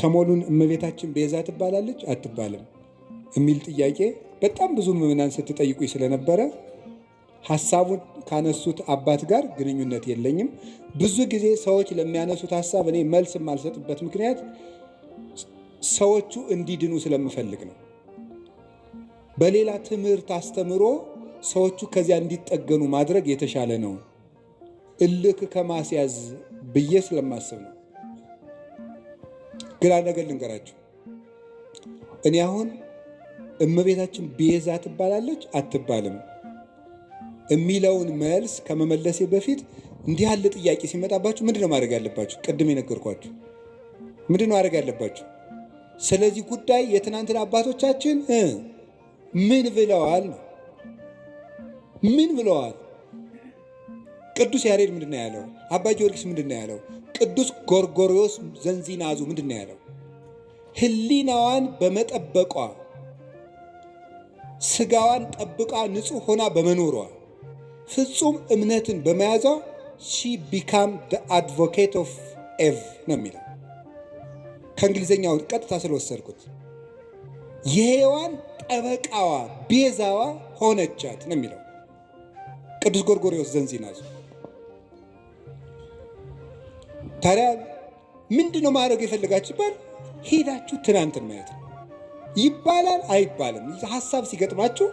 ሰሞኑን እመቤታችን ቤዛ ትባላለች አትባልም የሚል ጥያቄ በጣም ብዙ ምዕመናን ስትጠይቁኝ ስለነበረ ሀሳቡን ካነሱት አባት ጋር ግንኙነት የለኝም። ብዙ ጊዜ ሰዎች ለሚያነሱት ሀሳብ እኔ መልስ የማልሰጥበት ምክንያት ሰዎቹ እንዲድኑ ስለምፈልግ ነው። በሌላ ትምህርት አስተምሮ ሰዎቹ ከዚያ እንዲጠገኑ ማድረግ የተሻለ ነው፣ እልክ ከማስያዝ ብዬ ስለማስብ ነው። ግን አንድ ነገር ልንገራቸው። እኔ አሁን እመቤታችን ቤዛ ትባላለች አትባልም የሚለውን መልስ ከመመለሴ በፊት እንዲህ ያለ ጥያቄ ሲመጣባችሁ ምንድን ነው ማድረግ ያለባችሁ? ቅድም የነገርኳችሁ ምንድን ነው ማድረግ ያለባችሁ? ስለዚህ ጉዳይ የትናንትን አባቶቻችን ምን ብለዋል ነው ምን ብለዋል? ቅዱስ ያሬድ ምንድን ነው ያለው? አባ ጊዮርጊስ ምንድን ነው ያለው? ቅዱስ ጎርጎሪዎስ ዘንዚናዙ ምንድን ነው ያለው? ህሊናዋን በመጠበቋ ስጋዋን ጠብቃ ንጹህ ሆና በመኖሯ ፍጹም እምነትን በመያዟ ሺ ቢካም አድቮኬት ኦፍ ኤቭ ነው የሚለው። ከእንግሊዝኛው ቀጥታ ስለወሰድኩት የሔዋን ጠበቃዋ ቤዛዋ ሆነቻት ነው የሚለው ቅዱስ ጎርጎሪዎስ ዘንዚናዙ። ታዲያ ምንድን ነው ማድረግ የፈለጋችሁ ይባል ሄዳችሁ ትናንትን ማየት ነው ይባላል አይባልም። ሀሳብ ሲገጥማችሁ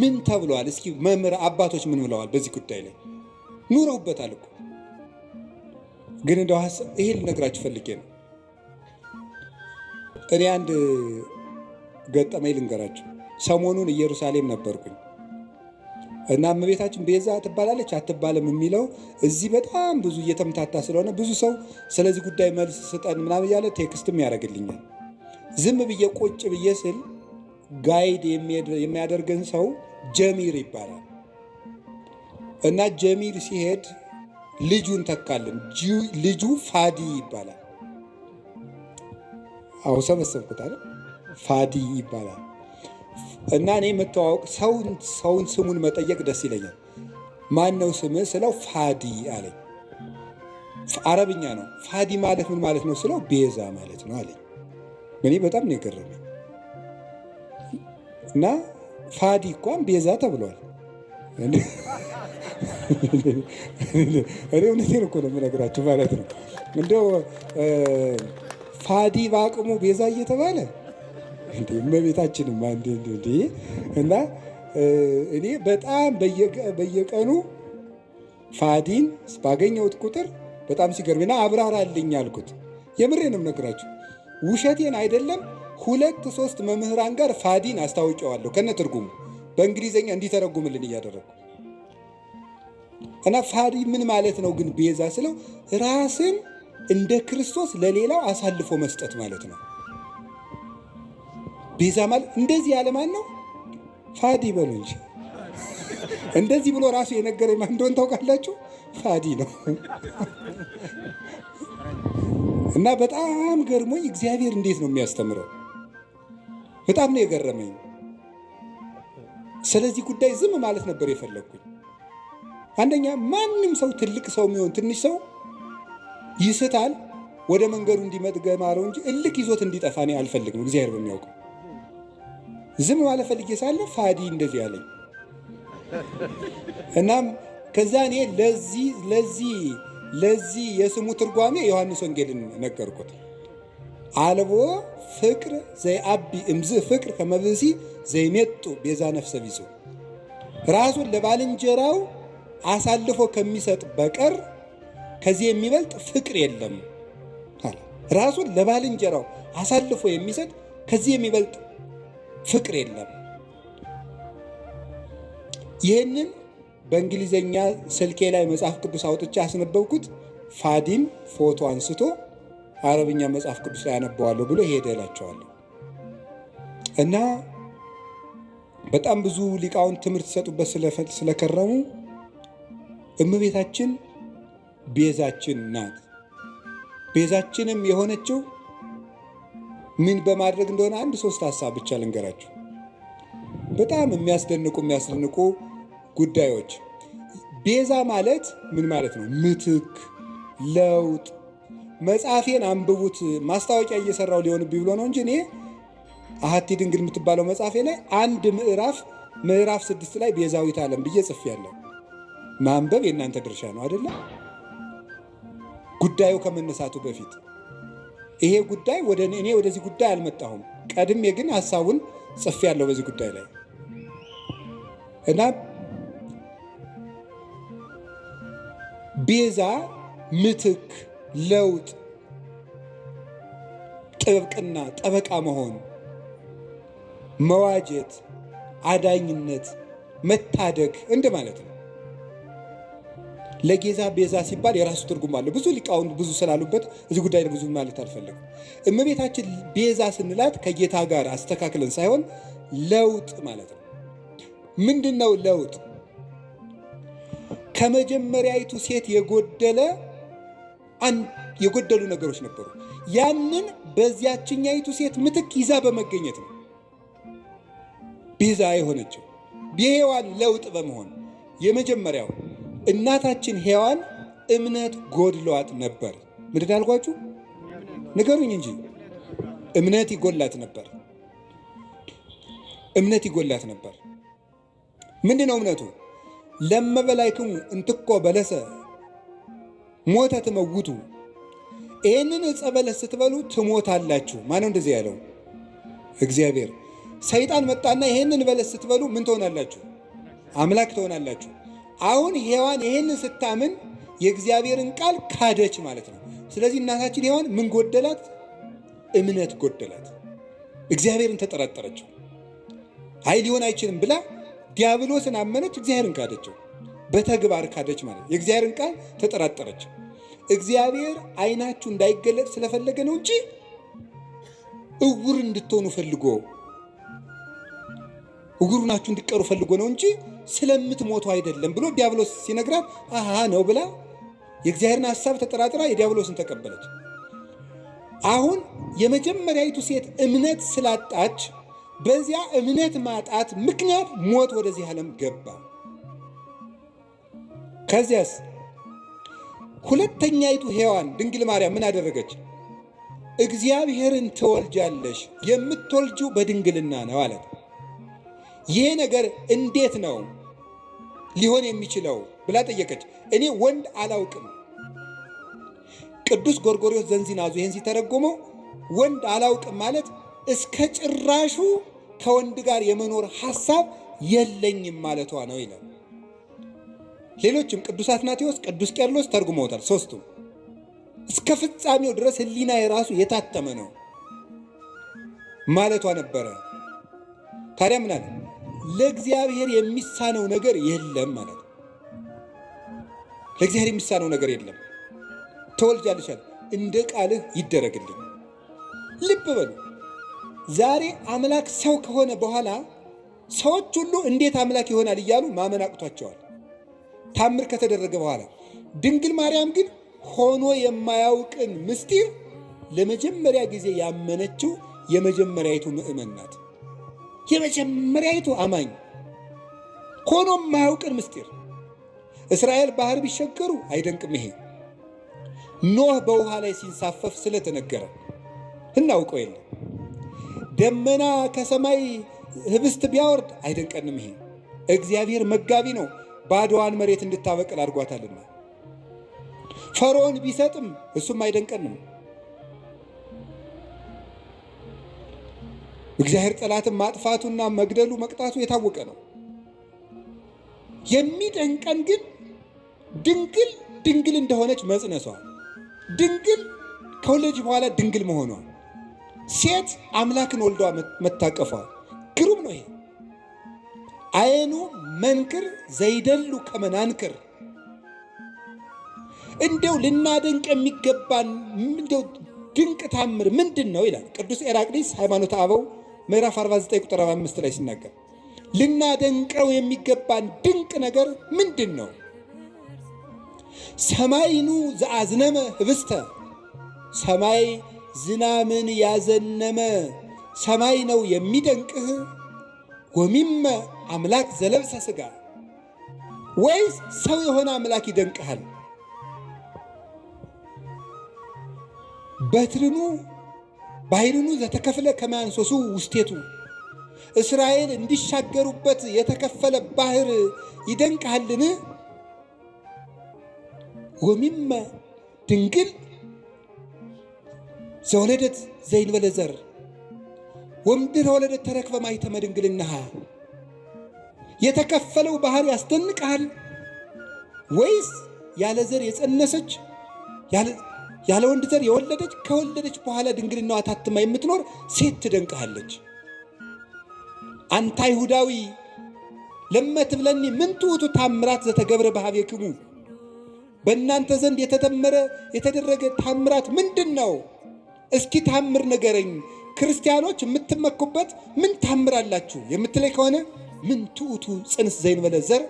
ምን ተብለዋል? እስኪ መምህር አባቶች ምን ብለዋል? በዚህ ጉዳይ ላይ ኑረውበታል እኮ ግን እንደው ይሄ ልነግራችሁ ፈልጌ ነው። እኔ አንድ ገጠመኝ ልንገራችሁ። ሰሞኑን ኢየሩሳሌም ነበርኩኝ። እና እመቤታችን ቤዛ ትባላለች አትባልም የሚለው እዚህ በጣም ብዙ እየተምታታ ስለሆነ ብዙ ሰው ስለዚህ ጉዳይ መልስ ስጠን ምናምን እያለ ቴክስትም ያደርግልኛል። ዝም ብዬ ቁጭ ብዬ ስል ጋይድ የሚያደርገን ሰው ጀሚር ይባላል እና ጀሚር ሲሄድ ልጁን ተካልን። ልጁ ፋዲ ይባላል። አሁን ሰበሰብኩት አይደል? ፋዲ ይባላል። እና እኔ መተዋወቅ ሰውን ስሙን መጠየቅ ደስ ይለኛል። ማን ነው ስምህ ስለው ፋዲ አለኝ። አረብኛ ነው። ፋዲ ማለት ምን ማለት ነው ስለው ቤዛ ማለት ነው አለኝ። እኔ በጣም ነው የገረመኝ። እና ፋዲ እንኳን ቤዛ ተብሏል። እኔ እውነቴን እኮ ነው የምነግራችሁ ማለት ነው። እንደው ፋዲ በአቅሙ ቤዛ እየተባለ እመቤታችንም አንድ እና እኔ በጣም በየቀኑ ፋዲን ባገኘሁት ቁጥር በጣም ሲገርምና አብራራልኝ አልኩት። የምሬንም ነግራችሁ ውሸቴን አይደለም። ሁለት ሶስት መምህራን ጋር ፋዲን አስታውቀዋለሁ ከነ ትርጉሙ በእንግሊዝኛ እንዲተረጉምልን እያደረግኩ እና ፋዲ ምን ማለት ነው ግን ቤዛ ስለው ራስን እንደ ክርስቶስ ለሌላው አሳልፎ መስጠት ማለት ነው። ቤዛ ማለት እንደዚህ ያለ ማን ነው? ፋዲ በሉ እንጂ እንደዚህ ብሎ ራሱ የነገረኝ ማን እንደሆን ታውቃላችሁ? ፋዲ ነው። እና በጣም ገርሞኝ እግዚአብሔር እንዴት ነው የሚያስተምረው? በጣም ነው የገረመኝ። ስለዚህ ጉዳይ ዝም ማለት ነበር የፈለግኩኝ። አንደኛ ማንም ሰው ትልቅ ሰው የሚሆን ትንሽ ሰው ይስታል፣ ወደ መንገዱ እንዲመጥ ገማረው እንጂ እልክ ይዞት እንዲጠፋ እኔ አልፈልግም። እግዚአብሔር በሚያውቀው ዝም ማለት ፈልጌ ሳለ ፋዲ እንደዚህ ያለኝ። እናም ከዛ እኔ ለዚህ ለዚህ ለዚህ የስሙ ትርጓሜ ዮሐንስ ወንጌልን ነገርኩት። አልቦ ፍቅር ዘይአቢ እምዝ ፍቅር ከመብሲ ዘይሜጡ ቤዛ ነፍሰ ቢዙ ራሱን ለባልንጀራው አሳልፎ ከሚሰጥ በቀር ከዚህ የሚበልጥ ፍቅር የለም። ራሱን ለባልንጀራው አሳልፎ የሚሰጥ ከዚህ የሚበልጥ ፍቅር የለም። ይህንን በእንግሊዘኛ ስልኬ ላይ መጽሐፍ ቅዱስ አውጥቼ ያስነበብኩት ፋዲም ፎቶ አንስቶ አረብኛ መጽሐፍ ቅዱስ ላይ ያነበዋለሁ ብሎ ሄደ እላቸዋለሁ። እና በጣም ብዙ ሊቃውንት ትምህርት ሰጡበት ስለከረሙ እመቤታችን ቤዛችን ናት። ቤዛችንም የሆነችው ምን በማድረግ እንደሆነ አንድ ሶስት ሀሳብ ብቻ ልንገራችሁ። በጣም የሚያስደንቁ የሚያስደንቁ ጉዳዮች ቤዛ ማለት ምን ማለት ነው? ምትክ፣ ለውጥ። መጽሐፌን አንብቡት። ማስታወቂያ እየሰራው ሊሆንብኝ ብሎ ነው እንጂ እኔ አሐቲ ድንግል የምትባለው መጽሐፌ ላይ አንድ ምዕራፍ ምዕራፍ ስድስት ላይ ቤዛዊት ዓለም ብዬ ጽፌያለሁ። ማንበብ የእናንተ ድርሻ ነው አይደለም? ጉዳዩ ከመነሳቱ በፊት ይሄ ጉዳይ ወደ እኔ ወደዚህ ጉዳይ አልመጣሁም። ቀድሜ ግን ሀሳቡን ጽፌ ያለው በዚህ ጉዳይ ላይ እና ቤዛ፣ ምትክ፣ ለውጥ፣ ጥብቅና፣ ጠበቃ መሆን፣ መዋጀት፣ አዳኝነት፣ መታደግ እንደ ማለት ነው። ለጌዛ ቤዛ ሲባል የራሱ ትርጉም አለው። ብዙ ሊቃውንት ብዙ ስላሉበት እዚህ ጉዳይ ብዙ ማለት አልፈለግም። እመቤታችን ቤዛ ስንላት ከጌታ ጋር አስተካክለን ሳይሆን ለውጥ ማለት ነው። ምንድን ነው ለውጥ? ከመጀመሪያይቱ ሴት የጎደለ የጎደሉ ነገሮች ነበሩ። ያንን በዚያችኛይቱ ሴት ምትክ ይዛ በመገኘት ነው ቤዛ የሆነችው የሔዋን ለውጥ በመሆን የመጀመሪያው እናታችን ሔዋን እምነት ጎድሏት ነበር። ምንድን አልኳችሁ? ንገሩኝ እንጂ እምነት ይጎላት ነበር። እምነት ይጎላት ነበር። ምንድን ነው እምነቱ? ለመበላይክሙ እንትኮ በለሰ ሞተ ትመውቱ፣ ይህንን ዕፀ በለስ ስትበሉ ትሞታላችሁ። ማነው እንደዚህ ያለው? እግዚአብሔር። ሰይጣን መጣና ይህንን በለስ ስትበሉ ምን ትሆናላችሁ? አምላክ ትሆናላችሁ። አሁን ሔዋን ይህንን ስታምን የእግዚአብሔርን ቃል ካደች ማለት ነው። ስለዚህ እናታችን ሔዋን ምን ጎደላት? እምነት ጎደላት። እግዚአብሔርን ተጠራጠረችው። አይ ሊሆን አይችልም ብላ ዲያብሎስን አመነች፣ እግዚአብሔርን ካደችው። በተግባር ካደች ማለት የእግዚአብሔርን ቃል ተጠራጠረች። እግዚአብሔር አይናችሁ እንዳይገለጥ ስለፈለገ ነው እንጂ እውር እንድትሆኑ ፈልጎ እውር ናችሁ እንዲቀሩ ፈልጎ ነው እንጂ ስለምትሞቱ አይደለም ብሎ ዲያብሎስ ሲነግራት አሃ ነው ብላ የእግዚአብሔርን ሐሳብ ተጠራጥራ የዲያብሎስን ተቀበለች። አሁን የመጀመሪያዊቱ ሴት እምነት ስላጣች በዚያ እምነት ማጣት ምክንያት ሞት ወደዚህ ዓለም ገባ። ከዚያስ ሁለተኛይቱ ሔዋን ድንግል ማርያም ምን አደረገች? እግዚአብሔርን ትወልጃለሽ፣ የምትወልጁ በድንግልና ነው አለት። ይሄ ነገር እንዴት ነው ሊሆን የሚችለው ብላ ጠየቀች። እኔ ወንድ አላውቅም። ቅዱስ ጎርጎሪዎስ ዘንዚናዙ ይህን ሲተረጎመው ወንድ አላውቅም ማለት እስከ ጭራሹ ከወንድ ጋር የመኖር ሀሳብ የለኝም ማለቷ ነው ይላል። ሌሎችም ቅዱስ አትናቴዎስ፣ ቅዱስ ቄርሎስ ተርጉመውታል። ሶስቱ እስከ ፍጻሜው ድረስ ህሊና የራሱ የታተመ ነው ማለቷ ነበረ። ታዲያ ምን አለ? ለእግዚአብሔር የሚሳነው ነገር የለም ማለት ነው። ለእግዚአብሔር የሚሳነው ነገር የለም። ተወልጃልሻል፣ እንደ ቃልህ ይደረግልኝ። ልብ በሉ። ዛሬ አምላክ ሰው ከሆነ በኋላ ሰዎች ሁሉ እንዴት አምላክ ይሆናል እያሉ ማመን አቅቷቸዋል፣ ታምር ከተደረገ በኋላ። ድንግል ማርያም ግን ሆኖ የማያውቅን ምስጢር ለመጀመሪያ ጊዜ ያመነችው የመጀመሪያይቱ ምእመን ናት። የመጀመሪያይቱ አማኝ ሆኖ የማያውቅን ምስጢር እስራኤል ባህር ቢሸገሩ አይደንቅም ይሄ ኖህ በውሃ ላይ ሲንሳፈፍ ስለተነገረ እናውቀው የለም ደመና ከሰማይ ህብስት ቢያወርድ አይደንቀንም ይሄ እግዚአብሔር መጋቢ ነው ባድዋን መሬት እንድታበቅል አድርጓታልና ፈርዖን ቢሰጥም እሱም አይደንቀንም እግዚአብሔር ጠላትን ማጥፋቱና መግደሉ መቅጣቱ የታወቀ ነው። የሚደንቀን ግን ድንግል ድንግል እንደሆነች መጽነሷ፣ ድንግል ከወለደች በኋላ ድንግል መሆኗ፣ ሴት አምላክን ወልዷ መታቀፏ ግሩም ነው። ይሄ አይኑ መንክር ዘይደሉ ከመናንክር እንደው ልናደንቅ የሚገባን እንደው ድንቅ ታምር ምንድን ነው ይላል ቅዱስ ኤራቅሊስ ሃይማኖተ አበው ምዕራፍ 49 ቁጥር 45 ላይ ሲናገር ልናደንቀው የሚገባን ድንቅ ነገር ምንድን ነው? ሰማይኑ ዘአዝነመ ህብስተ ሰማይ ዝናምን ያዘነመ ሰማይ ነው የሚደንቅህ። ወሚመ አምላክ ዘለብሰ ስጋ ወይስ ሰው የሆነ አምላክ ይደንቅሃል? በትርኑ ባሕሩኑ ዘተከፍለ ከማንሶሱ ውስቴቱ እስራኤል እንዲሻገሩበት የተከፈለ ባህር ይደንቅሃልን? ወሚመ ድንግል ዘወለደት ዘይንበለ ዘር ወምድር ወለደት ተረክበ ማኅተመ ድንግልናሃ የተከፈለው ባህር ያስደንቅሃል ወይስ ያለ ዘር የጸነሰች ያለ ወንድ ዘር የወለደች ከወለደች በኋላ ድንግልናዋ ታትማ የምትኖር ሴት ትደንቅሃለች። አንተ አይሁዳዊ ለመት ብለኒ ምን ትውቱ ታምራት ዘተገብረ በኀቤክሙ፣ በእናንተ ዘንድ የተተመረ የተደረገ ታምራት ምንድን ነው? እስኪ ታምር ንገረኝ። ክርስቲያኖች የምትመኩበት ምን ታምራላችሁ የምትለይ ከሆነ ምን ትዑቱ ፅንስ ዘይንበለ ዘር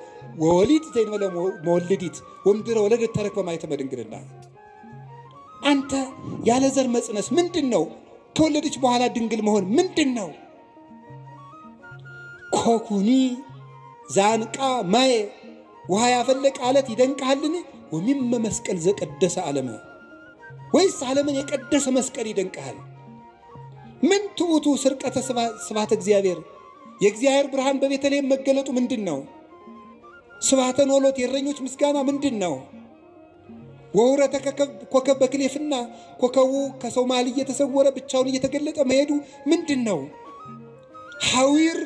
ወወሊድ ዘይንበለ መወልዲት ወምድረ ወለደት ተረክበ ማኅተመ ድንግልና አንተ ያለ ዘር መጽነስ ምንድን ነው? ከወለደች በኋላ ድንግል መሆን ምንድን ነው? ኮኩኒ ዛንቃ ማየ ውሃ ያፈለቀ አለት ይደንቅሃልን? ወሚመ መስቀል ዘቀደሰ ዓለመ ወይስ ዓለምን የቀደሰ መስቀል ይደንቅሃል? ምን ትዑቱ ስርቀተ ስብሐተ እግዚአብሔር የእግዚአብሔር ብርሃን በቤተልሔም መገለጡ ምንድን ነው? ስብሐተ ኖሎት የእረኞች ምስጋና ምንድን ነው? ወውረተ ኮከብ በክሌፍና ኮከቡ ከሰው መሃል እየተሰወረ ብቻውን እየተገለጠ መሄዱ ምንድን ነው? ሐዊር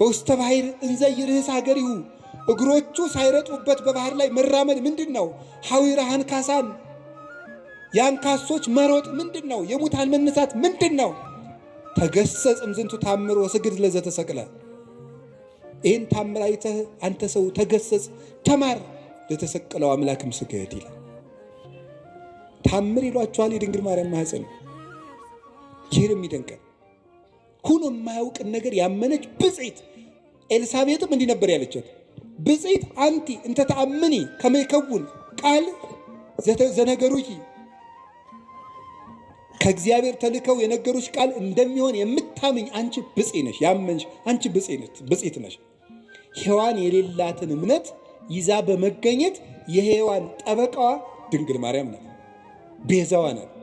በውስተ ባሕር እንዘ ይርህስ ሀገሪሁ እግሮቹ ሳይረጡበት በባህር ላይ መራመድ ምንድን ነው? አንካሳን የአንካሶች መሮጥ ምንድን ነው? የሙታን መነሳት ምንድን ነው? ተገሰጽ እምዝንቱ ታምር ወስግድ ለዘተሰቅለ። ይህን ታምር አይተህ አንተ ሰው ተገሰጽ፣ ተማር። ለተሰቀለው አምላክም ስገድ ይላል። ታምር ይሏቸዋል የድንግል ማርያም ማህፀን። ይህን የሚደንቀን ሁኖ የማያውቅን ነገር ያመነች ብጽት ኤልሳቤጥም እንዲህ ነበር ያለቻት፣ ብጽት አንቲ እንተ ተአምኒ ከመ ይከውን ቃል ዘነገሩኪ ከእግዚአብሔር ተልከው የነገሩች ቃል እንደሚሆን የምታምኝ አንቺ ብጽ ነሽ። ያመንሽ አንቺ ብጽ ነሽ። ሔዋን የሌላትን እምነት ይዛ በመገኘት የሔዋን ጠበቃዋ ድንግል ማርያም ናት፣ ቤዛዋ ናት።